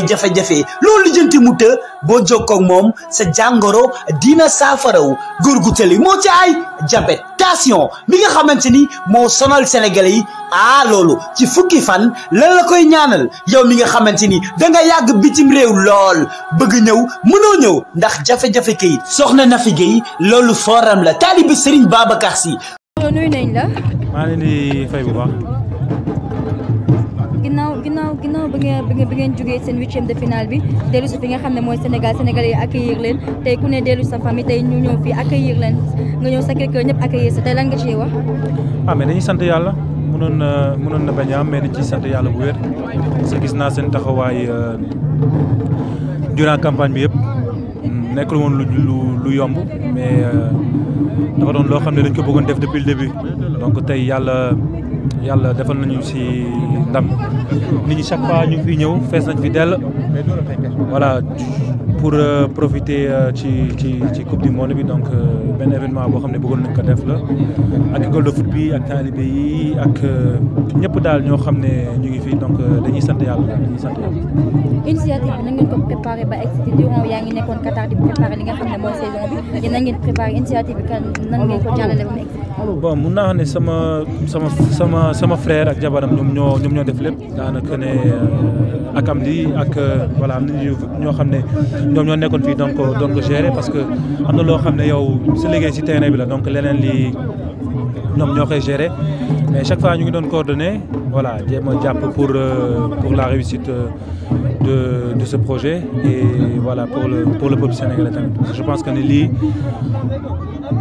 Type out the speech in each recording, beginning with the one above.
ay jafe-jafe loolu lijjanti mu të boo jokkook moom sa jàngoro dina saafaraw góor gu tëli moo ci ay jabet tension mi nga xamante ni moo sonal Sénégalais yi ah loolu ci fukki fan lan la koy ñaanal yow mi nga xamante ni danga yàgg bitim réew lool bëgg ñëw mënoo ñëw ndax jafe-jafe kayit soxna Nafi Gueye loolu foram la taalibi Serigne Babacar Sy. nuyu nañ la. ginnaaw ginnaaw bi ngeen bi ngeen jógee seen huitième de finale bi dellu si fi nga xam ne mooy Sénégal sénégalais yi accueillir leen tey ku ne dellu sa famille tey ñu ñëw fii accueillir leen nga ñëw sa kër ñëpp accueillir sa tey lan nga ciy wax. ah mais dañuy sant yàlla mënoon na mënoon na bañ mais dañ ciy sant yàlla bu wér parce gis naa seen taxawaay euh, durant campagne bi yëpp hmm, nekk woon lu lu lu yomb mais euh, dafa doon loo xam ne dañ ko bëggoon def depuis le début donc tey yàlla. yàlla defal nañu si ndam nit ñi chaque fois ñu fi ñëw fees nañ fi dell voilà pour euh, profiter euh, ci ci ci coupe du monde bi donc euh, benn événement boo xam ne bëggoon nañ ko def la ak école de bi ak taalibe yi ak ñëpp daal ñoo xam ne ñu ngi fi donc dañuy sant yàlla dañuy sant yàlla. initiative bi ko préparé ba excité yaa ngi nekkoon Qatar di préparé li nga xam ne mooy saison bi yéen na initiative bon mun naa xam ne sama sama. sama sama frère ak jabaram ñoom ñoo ñoom ñoo def lépp daanaka ne euh, ak am lii ak euh, voilà am na ñoo xam ne ñoom ñoo nekkoon fii donc donc gérer parce que am na loo xam ne yow sa liggéey si terrain bi la donc leneen li ñoom ñoo koy gérer mais chaque fois ñu ngi doon coordonné voilà jéem a jàpp pour euh, pour la réussite euh, de de ce projet et voilà pour le pour le peuple sénégalais tamit parce que je pense que ni lii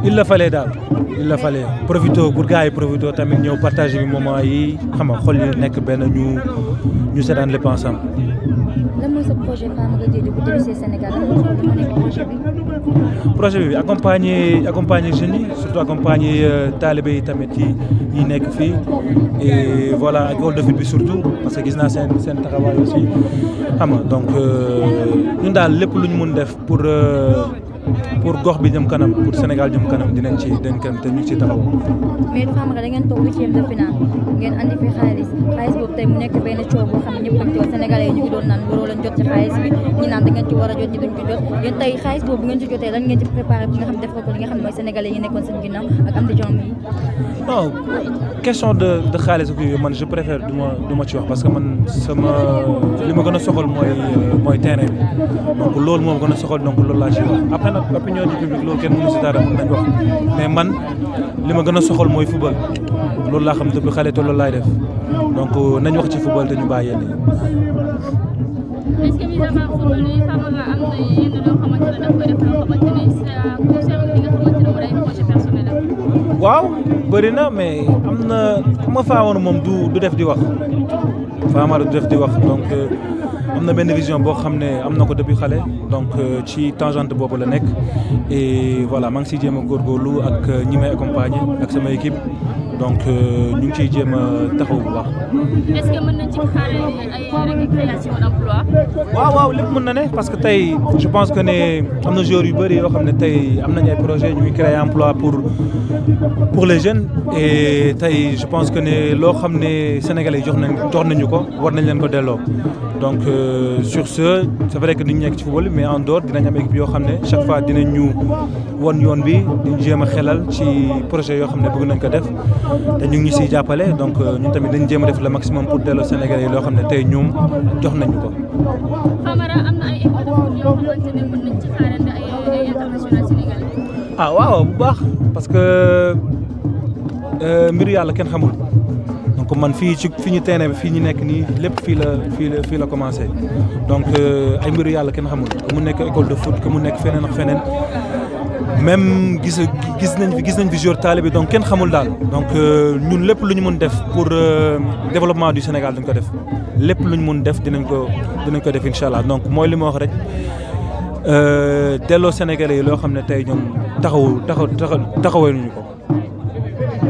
il la fallait daal il la fallait profité pour gars yi profité tamit ñëw partage bi moment yi xam nga xol yi nekk benn ñu ñu seetaan lépp projet bi accompagner accompagner jeunes yi surtout accompagner euh, taalibe yi tamit yi yi nekk fii e voilà ak Old Fith bi surtout parce que gis naa seen seen taxawaay aussi am nga donc euh, ñun daal lépp lu ñu mun def pour. Euh, pour gox bi jëm kanam pour Sénégal jëm kanam dinañ ci dinañ kanam te ñu ngi taxaw. mais dafa am da toog huitième de finale ngeen andi fi xaalis xaalis boobu tey mu nekk benn coow boo xam ci wax sénégalais yi naan waroo ci xaalis bi a jot ñi duñ ci jot yéen tey xaalis boobu ngeen ci jotee lan ngeen ci préparé bi nga xam def li nga xam ne mooy sénégalais yi nekkoon seen ginnaaw ak am di jom de de xaalis ak yooyu du ma du ma ci wax parce que man sama li ma gën a soxal mooy mooy donc loolu moom gën a soxal donc loolu opinion du public loolu kenn mënu si dara nañ wax mais man li ma gën a soxal mooy football loolu laa xam depuis xale te loolu laay def donc euh, nañu wax ci football te ñu bàyyi yéen waaw bëri na mais am na ku ma faawoon moom du def di wax faamaara du def di wax donc. Euh, am na benn vision boo xam ne am na ko depuis xale donc euh, ci tangente boobu la nekk e voilà maa ngi siy jéem a góorgóorlu ak euh, ñi may accompagner ak sama équipe donc euh, ñu ngi ciy jéem a taxaw bu waaw waaw lépp na ne parce que tey je pense que ne am na joueurs yu bëri yoo xam ne tey am nañ ay projet ñu ngi créer emploi pour pour les jeunes e tey je pense que ne loo xam ne sénégalais jox nañ jox nañu ko war nañ leen ko delloo donc. sur ce c'est vrai que ni ñu nekk ci football mais en dehors dinañ am équipe yoo xam ne chaque fois dinañ ñu won yoon bi di jéem a xelal ci projet yoo xam ne bëgg nañ ko def te ñu ngi si jàppale donc euh, ñun tamit dañ jéem a def la maximum pour delloo Sénégalais yi loo xam ne tey ñoom jox nañu ko. ah waaw bu baax parce que euh, mbiru yàlla kenn xamul. donc man fii ci fi ñu teene fii ñu nekk nii lépp fii la fii la fii la commencé donc euh, ay mbiru yàlla kenn xamul que mu nekk école de foot que mu nekk feneen ak feneen même gis gis nañ fi gis nañ fi joueur taalibe donc kenn xamul daal donc euh, ñun lépp lu ñu mun def pour euh, développement du Sénégal dañ ko def lépp lu ñu mun def dinañ ko dinañ ko def incha allah donc mooy li ma wax rek delloo Sénégalais yi loo xam ne tey ñoom taxawu taxaw taxaw taxawee nañu ko.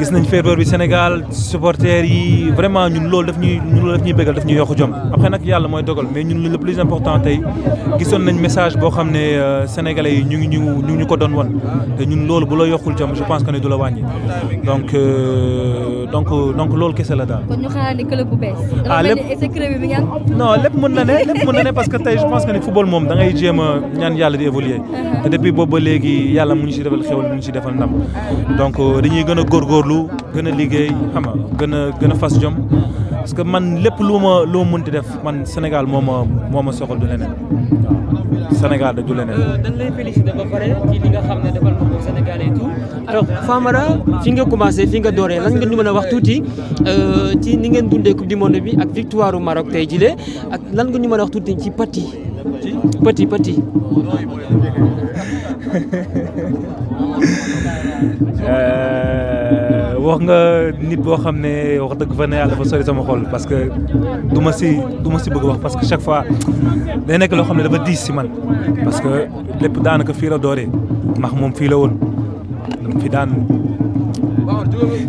gis nañ feebar bi Sénégal supporters yi vraiment ñun loolu daf ñuy ñun loolu daf ñuy bëggal daf après nag yàlla mooy dogal mais ñun le plus important tey gisoon nañ message boo xam ne euh, sénégalais yi ñu ngi ñu ñu ko doon wan te ñun loolu bu la yokkul jom je pense que ne du la wàññi euh, donc loolu kese la daal. kon ñu xanaa ne club bu ah, na ne lépp mën na ne parce tey je pense que ne football moom da jéem a ñaan yàlla di évoluer uh-huh. te depuis boobu ba léegi yàlla mu ñu si defal xéwal mu si defal ndam donc euh, lu gën a liggéey xam nga gën a gën a fas jom parce que man lépp lu ma lu ma mënti def man Sénégal moo ma moo ma soxal du leneen Sénégal da du leneen. Euh, dañ lay xam ne defal ko Sénégal et tout fi nga commencé fi nga dooree lan nga ñu mën a wax tuuti euh, ci ni ngeen dundee coupe du monde bi ak victoire u Maroc tey jile ak lan nga ñu mën a wax tuuti ci pati pati pati. Euh, wax nga nit boo xam ne wax dëgg fa ne yàlla dafa sori sama xol parce que du ma si du ma si bëgg wax parce que chaque fois day nekk loo xam ne dafa diis si man parce que lépp daanaka fii la dooree ndax moom fii la woon fi daan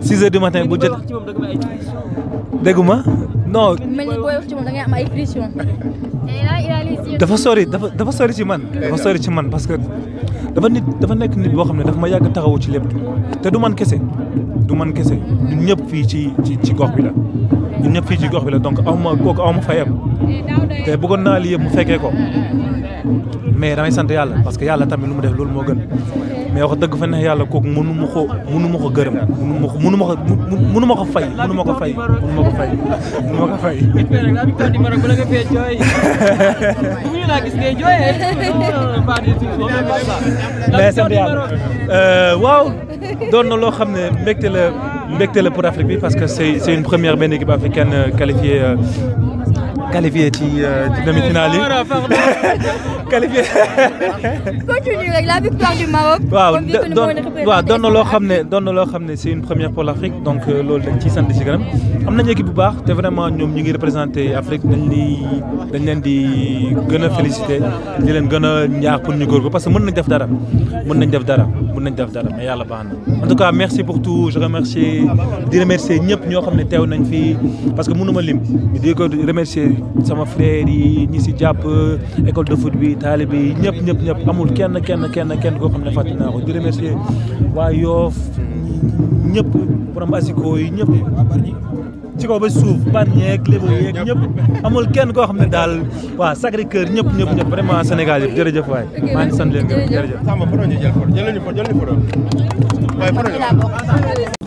6 heures du matin bu jot dégguma non dafa sori dafa dafa sori ci man dafa ci man parce que dafa nit dafa nekk nit boo xam ne dafa ma yàgg taxawu ci lépp te du man kese du man kese ñun ñëpp fii ci ci ci gox bi la ñun ñëpp fii ci gox bi la donc aw ma kooku aw ma fayam te bëggoon naa li yëpp mu fekkee ko mais damay sant yàlla parce que yàlla tamit lu mu def loolu moo gën mais wax dëgg fa ne yàlla kooku mënu ma ko mënu ma ko gërëm mënu ma ko mënu ma ko fay mënu ma ko fay mënu ma ko fay mënu ma ko fay. mais sant yàlla euh, waaw doon na loo xam ne mbégte la mbégte la pour Afrique bi parce que c'est c'est une première benn équipe africaine euh, qualifiée euh, qualifiée ci demi-finale yi. qualifié. continue rek la victoire du Maroc. waaw waaw doon loo xam ne doon loo xam ne c'est une première pour l'Afrique donc euh, loolu dañ ci sant si kanam am nañu équipe bu baax te vraiment ñoom ñu ngi représenté Afrique dañ li dañ leen di gën a félicité di leen gën a ñaax pour ñu góorgóorlu parce que mën nañ def dara mën nañ def dara mën nañ def dara mais yàlla baax na en tout cas merci pour tout je remercie di remercier ñëpp ñoo xam ne teew nañ fii parce que mënuma lim di ko remercier sama frère yi ñi si jàpp école de foot taalibe yi ñëpp ñëpp ñëpp amul kenn kenn kenn kenn koo xam ne fàtte naa ko di remercier waa Yoof ñëpp borom asiko yi ñëpp ci kaw ba suuf ban yeeg lébo ñëpp amul kenn koo xam ne daal waa Sacré Cœur ñëpp ñëpp ñëpp vraiment Sénégal yëpp jërëjëf waay maa ngi sant leen gërëm